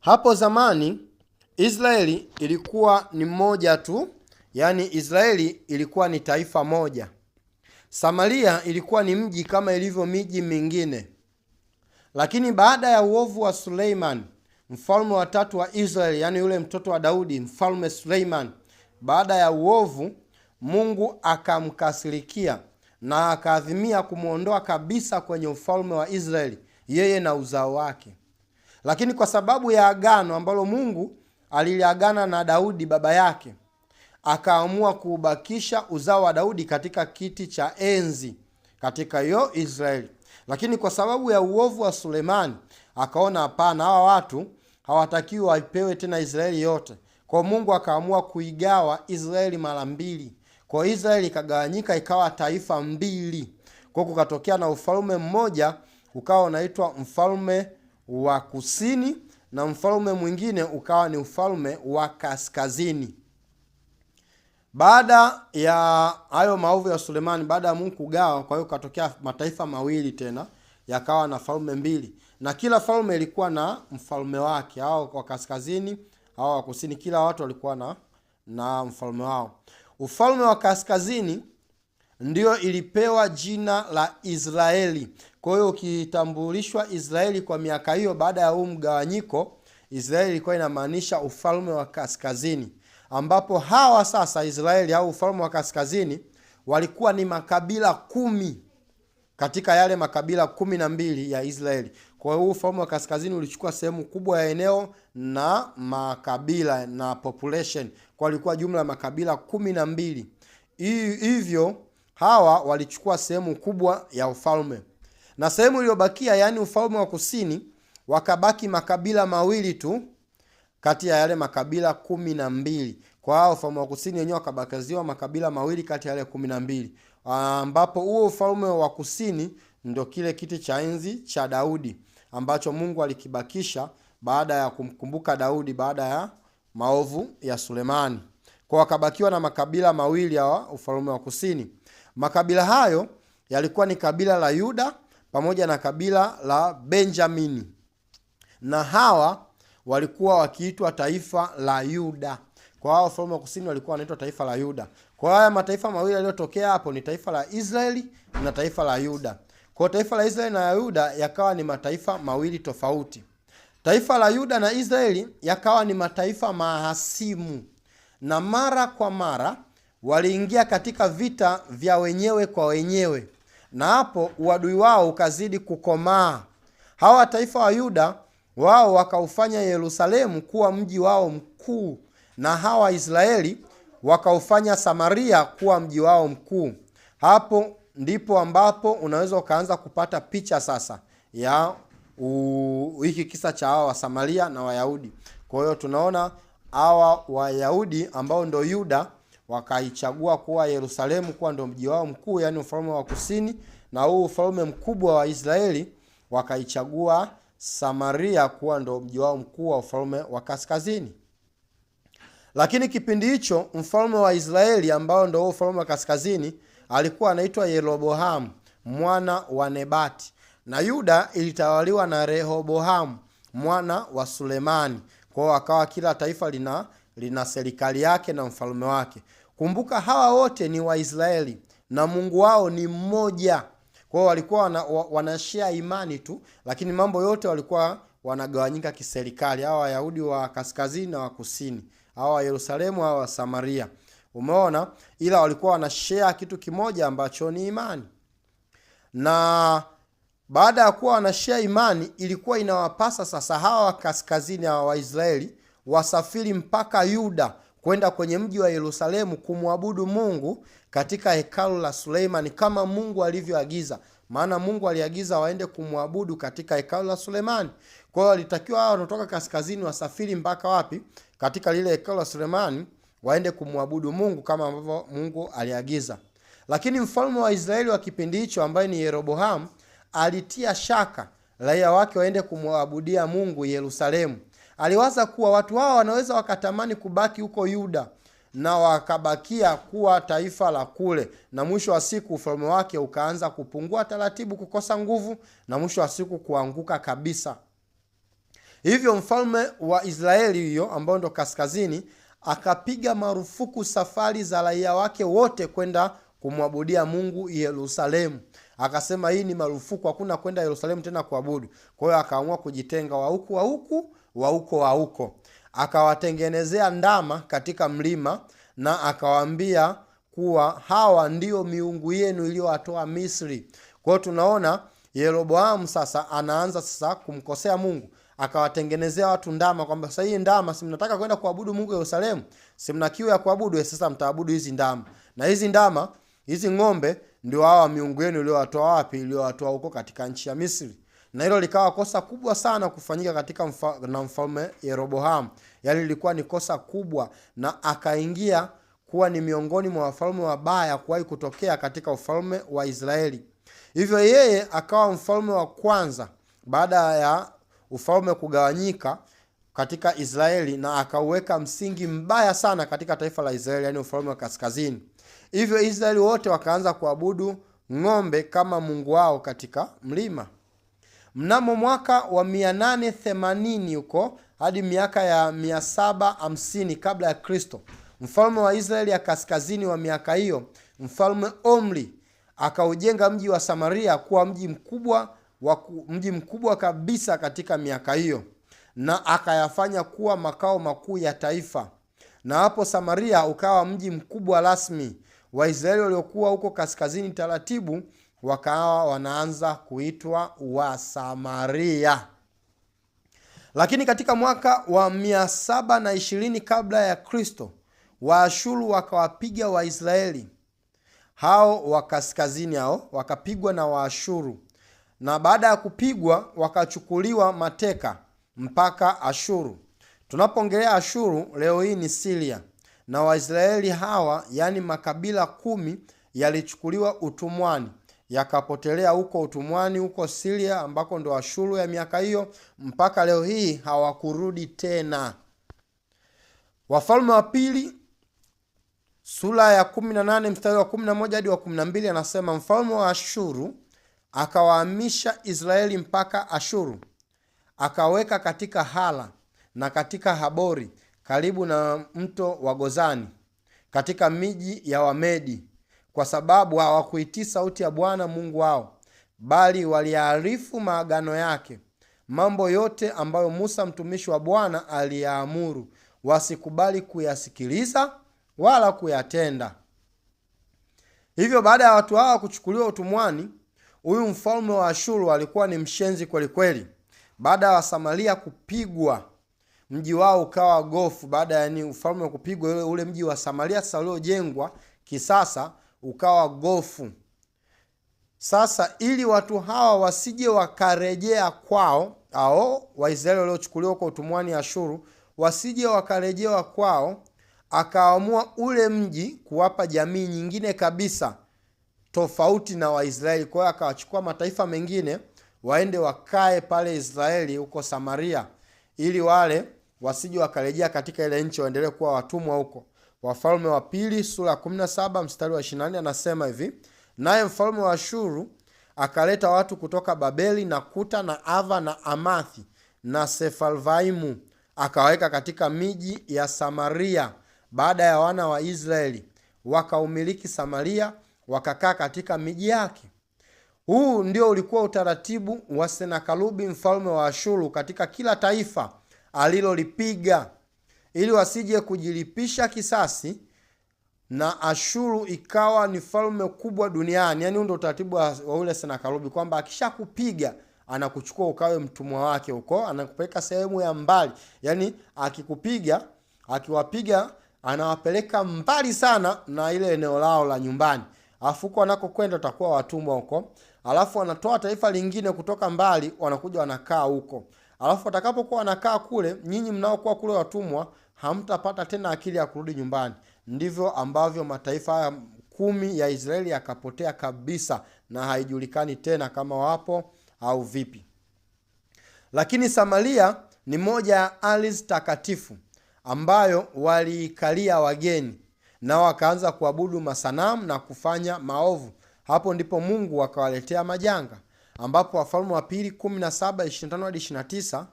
Hapo zamani Israeli ilikuwa ni mmoja tu, yaani Israeli ilikuwa ni taifa moja. Samaria ilikuwa ni mji kama ilivyo miji mingine, lakini baada ya uovu wa Suleiman mfalme wa tatu wa Israeli, yaani yule mtoto wa Daudi, mfalme Suleiman, baada ya uovu, Mungu akamkasirikia na akaadhimia kumwondoa kabisa kwenye ufalme wa Israeli, yeye na uzao wake. Lakini kwa sababu ya agano ambalo Mungu aliliagana na Daudi baba yake, akaamua kuubakisha uzao wa Daudi katika kiti cha enzi katika yo Israeli. Lakini kwa sababu ya uovu wa Sulemani akaona hapana, hawa watu hawatakiwi waipewe tena Israeli yote. Kwa Mungu akaamua kuigawa Israeli mara mbili. Kwa Israeli ikagawanyika ikawa taifa mbili, kwa kukatokea na ufalme mmoja ukawa unaitwa mfalme wa kusini na mfalme mwingine ukawa ni ufalme wa kaskazini. Baada ya hayo maovu ya Sulemani, baada ya Mungu kugawa, kwa hiyo katokea mataifa mawili tena yakawa na falme mbili, na kila falme ilikuwa na mfalme wake, hao wa kaskazini, hao wa kusini. Kila watu walikuwa na na mfalme wao. Ufalme wa kaskazini ndio ilipewa jina la Israeli. Kwa hiyo ukitambulishwa Israeli kwa miaka hiyo, baada ya huu mgawanyiko, Israeli ilikuwa inamaanisha ufalme wa kaskazini, ambapo hawa sasa Israeli au ufalme wa kaskazini walikuwa ni makabila kumi katika yale makabila kumi na mbili ya Israeli. Kwa hiyo ufalme wa kaskazini ulichukua sehemu kubwa ya eneo na makabila na population, kwa walikuwa jumla ya makabila kumi na mbili. Hivyo hawa walichukua sehemu kubwa ya ufalme na sehemu iliyobakia, yaani ufalme wa kusini, wakabaki makabila mawili tu kati ya yale makabila kumi na mbili. Kwa hao ufalme wa kusini wenyewe wakabakiziwa makabila mawili kati ya yale kumi na mbili, ah, ambapo huo ufalme wa kusini ndio kile kiti cha enzi cha Daudi ambacho Mungu alikibakisha baada ya kumkumbuka Daudi baada ya maovu ya Sulemani. Kwa wakabakiwa na makabila mawili ya ufalme wa kusini. Makabila hayo yalikuwa ni kabila la Yuda pamoja na kabila la Benjamini, na hawa walikuwa wakiitwa taifa la Yuda. Kwa hao wafalme wa kusini walikuwa wanaitwa taifa la Yuda. Kwa haya mataifa mawili yaliyotokea hapo ni taifa la Israeli na taifa la Yuda. Kwa taifa la Israeli na Yuda yakawa ni mataifa mawili tofauti. Taifa la Yuda na Israeli yakawa ni mataifa mahasimu, na mara kwa mara waliingia katika vita vya wenyewe kwa wenyewe na hapo uadui wao ukazidi kukomaa. Hawa taifa wa Yuda wao wakaufanya Yerusalemu kuwa mji wao mkuu, na hawa Israeli wakaufanya Samaria kuwa mji wao mkuu. Hapo ndipo ambapo unaweza ukaanza kupata picha sasa ya hiki kisa cha hawa Wasamaria na Wayahudi. Kwa hiyo tunaona hawa Wayahudi ambao ndo Yuda wakaichagua kuwa Yerusalemu kuwa ndio mji wao mkuu, yani ufalme wa kusini, na huu ufalme mkubwa wa Israeli wakaichagua Samaria kuwa ndio mji wao mkuu wa ufalme wa kaskazini. Lakini kipindi hicho mfalme wa Israeli ambao ndio ufalme wa kaskazini alikuwa anaitwa yeroboham mwana wa Nebati, na Yuda ilitawaliwa na rehoboham mwana wa Sulemani. Kwao akawa kila taifa lina lina serikali yake na mfalme wake. Kumbuka hawa wote ni Waisraeli na Mungu wao ni mmoja. kwao walikuwa wana, wanashea imani tu, lakini mambo yote walikuwa wanagawanyika kiserikali, hawa Wayahudi wa kaskazini na wa kusini, hawa wa Yerusalemu, hawa wa Samaria. Umeona, ila walikuwa wanashea kitu kimoja ambacho ni imani, na baada ya kuwa wanashea imani, ilikuwa inawapasa sasa hawa wa kaskazini, hawa Waisraeli wasafiri mpaka Yuda kwenda kwenye mji wa Yerusalemu kumwabudu Mungu katika hekalu la Suleimani kama Mungu alivyoagiza. Maana Mungu aliagiza waende kumwabudu katika hekalu la Suleimani. Kwa hiyo walitakiwa hao wanatoka kaskazini wasafiri mpaka wapi? Katika lile hekalu la Suleimani waende kumwabudu Mungu kama ambavyo Mungu aliagiza. Lakini mfalme wa Israeli wa kipindi hicho ambaye ni Yeroboamu alitia shaka raia wake waende kumwabudia Mungu Yerusalemu aliwaza kuwa watu hao wanaweza wakatamani kubaki huko Yuda na wakabakia kuwa taifa la kule, na mwisho wa siku ufalme wake ukaanza kupungua taratibu, kukosa nguvu, na mwisho wa siku kuanguka kabisa. Hivyo mfalme wa Israeli hiyo ambao ndo kaskazini akapiga marufuku safari za raia wake wote kwenda kumwabudia Mungu Yerusalemu. Akasema hii ni marufuku, hakuna kwenda Yerusalemu tena kuabudu. Kwa hiyo akaamua kujitenga wa huku wa huku wa huko wa huko akawatengenezea ndama katika mlima na akawaambia kuwa hawa ndiyo miungu yenu iliyowatoa Misri. Kwa hiyo tunaona Yeroboamu sasa anaanza sasa kumkosea Mungu, akawatengenezea watu ndama kwamba sasa hii ndama, si mnataka kwenda kuabudu Mungu Yerusalemu? Si mna kiu ya kuabudu? Sasa mtaabudu hizi ndama, na hizi ndama, hizi ng'ombe ndio hawa miungu yenu iliyowatoa wapi? Iliyowatoa huko katika nchi ya Misri na hilo likawa kosa kubwa sana kufanyika katika mfa, na mfalme Yeroboamu. Yaani lilikuwa ni kosa kubwa, na akaingia kuwa ni miongoni mwa wafalme wabaya kuwahi kutokea katika ufalme wa Israeli. Hivyo yeye akawa mfalme wa kwanza baada ya ufalme kugawanyika katika Israeli, na akauweka msingi mbaya sana katika taifa la Israeli, yani ufalme wa kaskazini. Hivyo Israeli wote wakaanza kuabudu ng'ombe kama mungu wao katika mlima mnamo mwaka wa 880 huko hadi miaka ya 750 kabla ya Kristo, mfalme wa Israeli ya kaskazini wa miaka hiyo, mfalme Omri akaujenga mji wa Samaria kuwa mji mkubwa wa mji mkubwa kabisa katika miaka hiyo, na akayafanya kuwa makao makuu ya taifa, na hapo Samaria ukawa mji mkubwa rasmi. Waisraeli waliokuwa huko kaskazini taratibu wakawa wanaanza kuitwa Wasamaria. Lakini katika mwaka wa mia saba na ishirini kabla ya Kristo, Waashuru wakawapiga Waisraeli hao wa kaskazini, hao wakapigwa na Waashuru, na baada ya kupigwa wakachukuliwa mateka mpaka Ashuru. Tunapoongelea Ashuru leo hii ni Siria, na Waisraeli hawa, yaani makabila kumi, yalichukuliwa utumwani yakapotelea huko utumwani huko Siria, ambako ndo Ashuru ya miaka hiyo, mpaka leo hii hawakurudi tena. Wafalme wa Pili sura ya 18 mstari wa 11 hadi wa 12, anasema mfalme wa Ashuru akawahamisha Israeli mpaka Ashuru, akaweka katika Hala na katika Habori karibu na mto wa Gozani, katika miji ya Wamedi kwa sababu hawakuitii sauti ya Bwana Mungu wao, bali waliyaarifu maagano yake, mambo yote ambayo Musa mtumishi wa Bwana aliyaamuru, wasikubali kuyasikiliza wala kuyatenda. Hivyo baada ya watu hawa kuchukuliwa utumwani, huyu mfalme wa Ashuru alikuwa ni mshenzi kwelikweli. Baada ya Wasamaria kupigwa mji wao ukawa gofu, baada ya ni ufalme kupigwa ule mji wa Samaria sasa uliojengwa kisasa ukawa gofu. Sasa ili watu hawa wasije wakarejea kwao, ao Waisraeli waliochukuliwa kwa utumwani Ashuru wasije wakarejewa kwao, akaamua ule mji kuwapa jamii nyingine kabisa tofauti na Waisraeli. Kwa hiyo akawachukua mataifa mengine waende wakae pale Israeli huko Samaria, ili wale wasije wakarejea katika ile nchi, waendelee kuwa watumwa huko. Wafalme wa Pili sura ya 17 mstari wa 24 anasema hivi, naye mfalme wa Ashuru akaleta watu kutoka Babeli na Kuta na Ava na Amathi na Sefalvaimu akawaweka katika miji ya Samaria baada ya wana wa Israeli, wakaumiliki Samaria wakakaa katika miji yake. Huu ndio ulikuwa utaratibu wa senakalubi mfalme wa Ashuru katika kila taifa alilolipiga ili wasije kujilipisha kisasi na Ashuru ikawa ni falme kubwa duniani. Yani, huu ndo utaratibu wa ule Senakeribu kwamba akishakupiga anakuchukua ukawe mtumwa wake huko, anakupeleka sehemu ya mbali. Yani akikupiga, akiwapiga anawapeleka mbali sana na ile eneo lao la nyumbani, alafu huko wanakokwenda utakuwa watumwa huko, alafu wanatoa taifa lingine kutoka mbali, wanakuja wanakaa huko alafu atakapokuwa anakaa kule, nyinyi mnaokuwa kule watumwa, hamtapata tena akili ya kurudi nyumbani. Ndivyo ambavyo mataifa haya kumi ya Israeli yakapotea kabisa na haijulikani tena kama wapo au vipi. Lakini Samaria ni moja ya ardhi takatifu ambayo waliikalia wageni, nao wakaanza kuabudu masanamu na kufanya maovu. Hapo ndipo Mungu akawaletea majanga ambapo Wafalme wa Pili 1725 hadi 29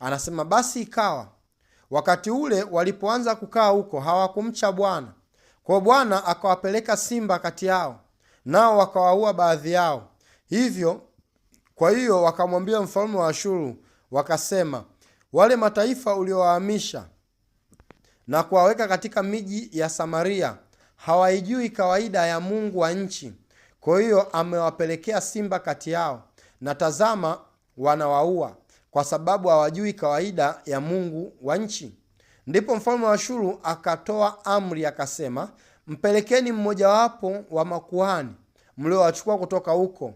anasema, basi ikawa wakati ule walipoanza kukaa huko hawakumcha Bwana, kwa Bwana akawapeleka simba kati yao, nao wakawaua baadhi yao. Hivyo kwa hiyo wakamwambia mfalme wa Ashuru wakasema, wale mataifa uliowahamisha na kuwaweka katika miji ya Samaria hawaijui kawaida ya Mungu wa nchi kwa hiyo amewapelekea simba kati yao, na tazama, wanawaua kwa sababu hawajui kawaida ya Mungu wa nchi. Ndipo mfalme wa shuru akatoa amri akasema, mpelekeni mmojawapo wa makuhani mliowachukua kutoka huko,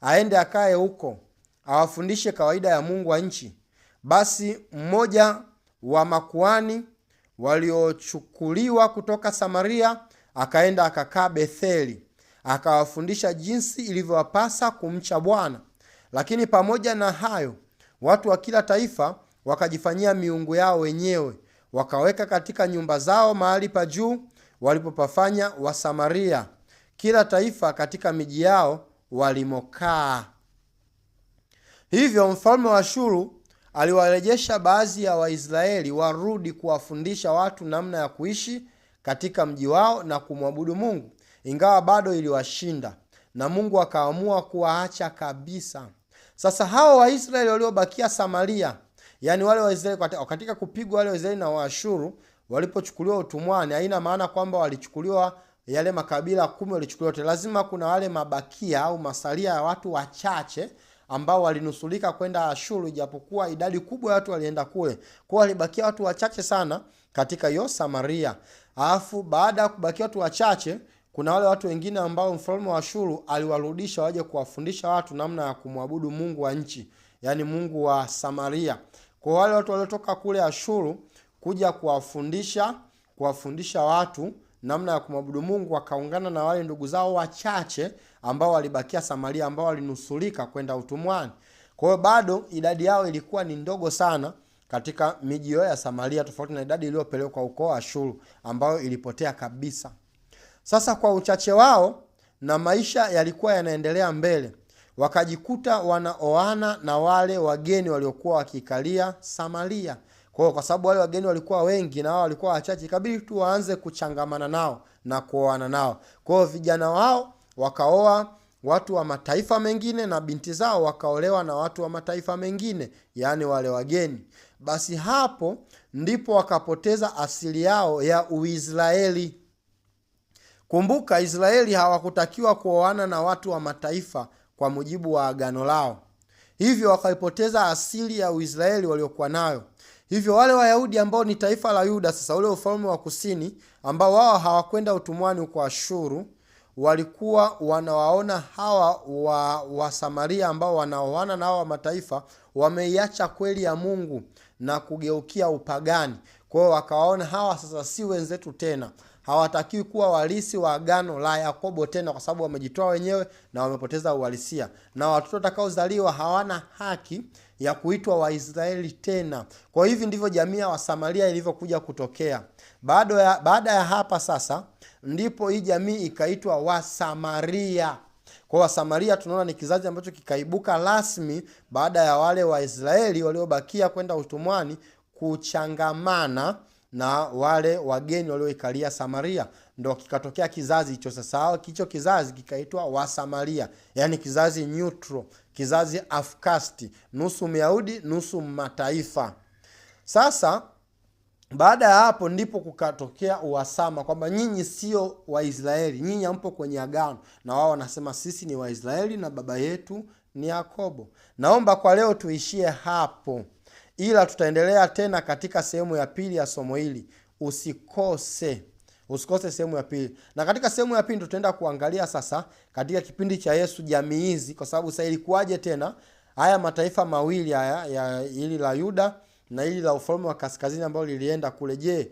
aende akaye huko, awafundishe kawaida ya Mungu wa nchi. Basi mmoja wa makuhani waliochukuliwa kutoka Samaria akaenda akakaa Betheli akawafundisha jinsi ilivyowapasa kumcha Bwana. Lakini pamoja na hayo, watu wa kila taifa wakajifanyia miungu yao wenyewe, wakaweka katika nyumba zao mahali pa juu walipopafanya Wasamaria, kila taifa katika miji yao walimokaa. Hivyo mfalme wa shuru aliwarejesha baadhi ya Waisraeli warudi kuwafundisha watu namna ya kuishi katika mji wao na kumwabudu Mungu ingawa bado iliwashinda na Mungu akaamua kuwaacha kabisa. Sasa hao Waisraeli waliobakia Samaria, yani wale Waisraeli katika kupigwa wale Waisraeli na Waashuru walipochukuliwa utumwani, haina maana kwamba walichukuliwa yale makabila kumi walichukuliwa yote. Lazima kuna wale mabakia au masalia ya watu wachache ambao walinusulika kwenda Ashuru, ijapokuwa idadi kubwa ya watu walienda kule. Kwa walibakia watu wachache sana katika hiyo Samaria. Alafu baada ya kubakia watu wachache kuna wale watu wengine ambao mfalme wa Ashuru aliwarudisha waje kuwafundisha watu namna ya kumwabudu mungu wa nchi, yani mungu wa Samaria. Kwa wale watu waliotoka kule Ashuru kuja kuwafundisha kuwafundisha watu namna ya kumwabudu Mungu, wakaungana na wale ndugu zao wachache ambao walibakia Samaria, ambao walinusurika kwenda utumwani. Kwa hiyo bado idadi yao ilikuwa ni ndogo sana katika miji yao ya Samaria, tofauti na idadi iliyopelekwa ukoo wa Ashuru ambayo ilipotea kabisa. Sasa kwa uchache wao na maisha yalikuwa yanaendelea mbele, wakajikuta wanaoana na wale wageni waliokuwa wakikalia Samaria. Kwa kwa sababu wale wageni walikuwa wengi na wao walikuwa wachache, ikabidi tu waanze kuchangamana nao na kuoana nao. Kwa hiyo vijana wao wakaoa watu wa mataifa mengine na binti zao wakaolewa na watu wa mataifa mengine, yaani wale wageni. Basi hapo ndipo wakapoteza asili yao ya Uisraeli. Kumbuka, Israeli hawakutakiwa kuoana na watu wa mataifa kwa mujibu wa agano lao, hivyo wakaipoteza asili ya Uisraeli waliokuwa nayo. Hivyo wale Wayahudi ambao ni taifa la Yuda, sasa ule ufalme wa kusini, ambao wao hawakwenda utumwani huko Ashuru, walikuwa wanawaona hawa wa Wasamaria ambao wanaoana na hawa wa mataifa wameiacha kweli ya Mungu na kugeukia upagani. Kwa hiyo wakawaona hawa sasa si wenzetu tena hawatakiwi kuwa walisi wa agano la Yakobo tena, kwa sababu wamejitoa wenyewe na wamepoteza uhalisia, na watoto watakaozaliwa hawana haki ya kuitwa Waisraeli tena. Kwa hivi ndivyo jamii ya Wasamaria ilivyokuja kutokea. Baada ya, baada ya hapa sasa ndipo hii jamii ikaitwa Wasamaria. Kwa Wasamaria tunaona ni kizazi ambacho kikaibuka rasmi baada ya wale Waisraeli waliobakia kwenda utumwani kuchangamana na wale wageni walioikalia Samaria, ndo kikatokea kizazi hicho. Sasa hicho kizazi kikaitwa Wasamaria, yani kizazi neutral, kizazi afkasti, nusu Myahudi nusu mataifa. Sasa baada ya hapo ndipo kukatokea uhasama kwamba nyinyi sio Waisraeli, nyinyi hampo kwenye agano, na wao wanasema sisi ni Waisraeli na baba yetu ni Yakobo. Naomba kwa leo tuishie hapo ila tutaendelea tena katika sehemu ya pili ya somo hili. Usikose, usikose sehemu ya pili. Na katika sehemu ya pili tutaenda kuangalia sasa katika kipindi cha Yesu jamii hizi, kwa sababu sasa ilikuwaje tena haya mataifa mawili haya ya hili la Yuda na hili la ufalme wa kaskazini ambalo lilienda kule. Je,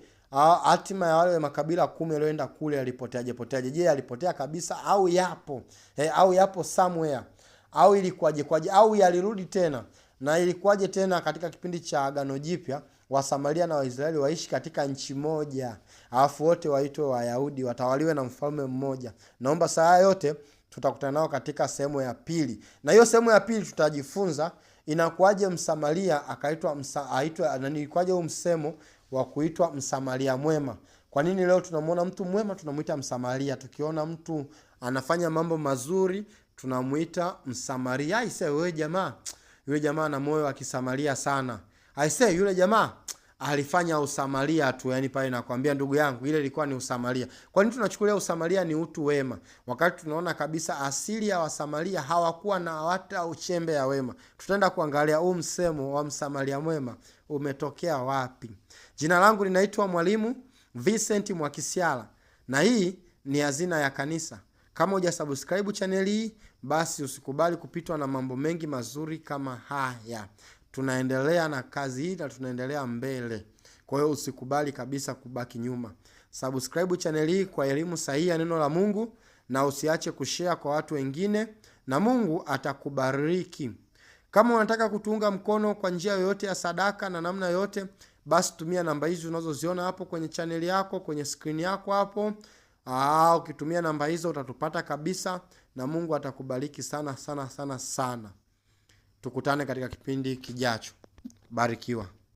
hatima ya wale makabila kumi yaliyoenda kule yalipoteaje poteaje? Je, yalipotea kabisa au yapo? Hey, eh, au yapo somewhere au ilikuwaje kwaje? Au yalirudi tena? Na ilikuwaje tena katika kipindi cha Agano Jipya Wasamaria na Waisraeli waishi katika nchi moja, alafu wote waitwe Wayahudi, watawaliwe na mfalme mmoja? Naomba saa yote tutakutana nao katika sehemu ya pili, na hiyo sehemu ya pili tutajifunza inakuwaje Msamaria akaitwa msa, aitwa huu msemo wa kuitwa Msamaria mwema? Kwa nini leo tunamuona mtu mwema tunamuita Msamaria? Tukiona mtu anafanya mambo mazuri tunamuita Msamaria. Aise wewe jamaa yule jamaa na moyo wa kisamaria sana. I say yule jamaa alifanya usamaria tu, yani pale nakwambia ndugu yangu, ile ilikuwa ni usamaria. Kwa nini tunachukulia usamaria ni utu wema, wakati tunaona kabisa asili ya wasamaria hawakuwa na hata uchembe ya wema? Tutaenda kuangalia huu msemo wa msamaria mwema umetokea wapi. Jina langu linaitwa Mwalimu Vincent mwakisiala na hii ni Hazina ya Kanisa. Kama hujasubscribe chaneli hii basi usikubali kupitwa na mambo mengi mazuri kama haya. Tunaendelea na kazi hii na tunaendelea mbele, kwa hiyo usikubali kabisa kubaki nyuma. Subscribe channel hii kwa elimu sahihi ya neno la Mungu na usiache kushare kwa watu wengine, na Mungu atakubariki. Kama unataka kutuunga mkono kwa njia yoyote ya sadaka na namna yoyote, basi tumia namba hizi unazoziona hapo kwenye chaneli yako, kwenye skrini yako hapo. Aa, ukitumia namba hizo utatupata kabisa na Mungu atakubariki sana sana sana sana. Tukutane katika kipindi kijacho. Barikiwa.